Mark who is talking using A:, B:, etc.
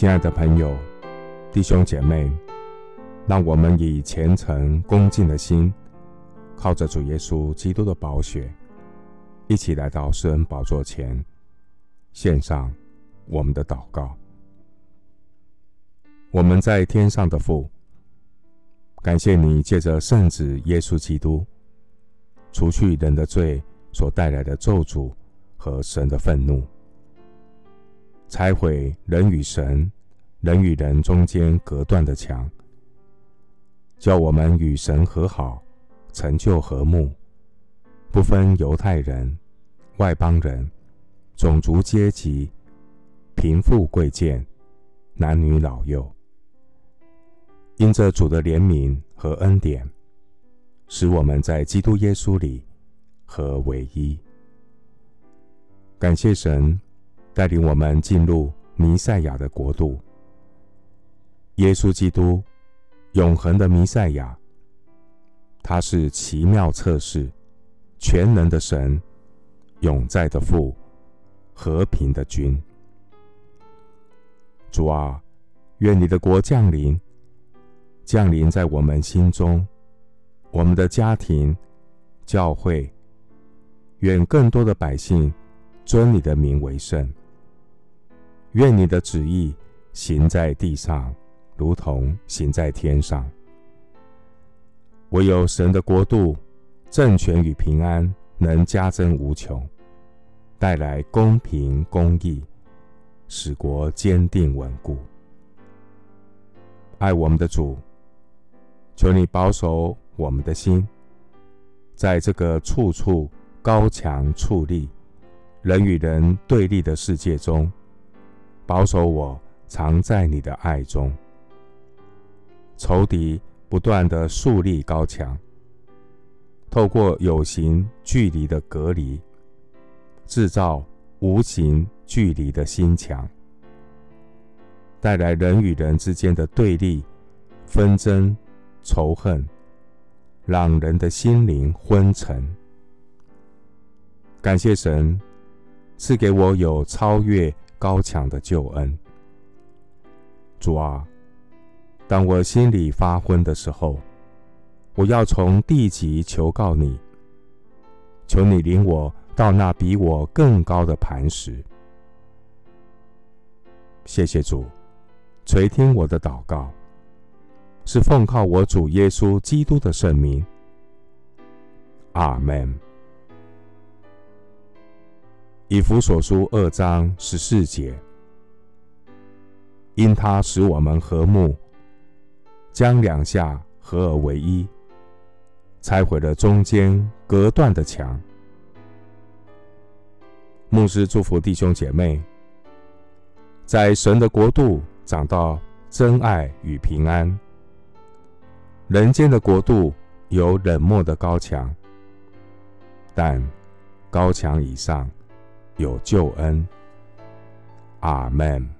A: 親愛的朋友、弟兄姐妹，讓我們以虔誠恭敬的心，靠着主耶穌基督的寶血，一起來到施恩寶座前，獻上我們的禱告。我們在天上的父，感謝你借着聖子耶穌基督，除去人的罪所帶來的咒詛和神的憤怒。拆毀人與神、人與人中間隔斷的牆，叫我們與神和好，成就和睦，不分猶太人、外邦人、種族階級、貧富貴賤、男女老幼。因着主的憐憫和恩典，使我們在基督耶穌裡合為一。感謝神。帶領我們進入彌賽亞的國度，耶穌基督，永恆的彌賽亞，他是奇妙策士，全能的神，永在的父，和平的君。主啊，願你的國降臨，降臨在我們心中，我們的家庭，教會，願更多的百姓尊你的名為聖。願你的旨意行在地上，如同行在天上。唯有神的國度、政權與平安能加增無窮，帶來公平公義，使國堅定穩固。愛我們的主，求你保守我們的心，在這個處處高牆矗立、人與人對立的世界中。保守我藏在你的愛中，仇敵不斷的豎立高牆，透過有形距離的隔離，制造無形距離的心牆，帶來人與人之間的對立、紛爭、仇恨，讓人的心靈昏沉。感謝神賜給我有超越。高牆的救恩，主啊，當我心裡發昏的時候，我要從地極求告你，求你領我到那比我更高的磐石。謝謝主，垂聽我的禱告，是奉靠我主耶穌基督的聖名。阿門。以弗所書二章十四節，因他使我們和睦，將兩下合而為一，拆毀了中間隔斷的牆。牧師祝福弟兄姐妹，在神的國度找到真愛與平安。人間的國度有冷漠的高牆，但高牆以上，有救恩，阿門。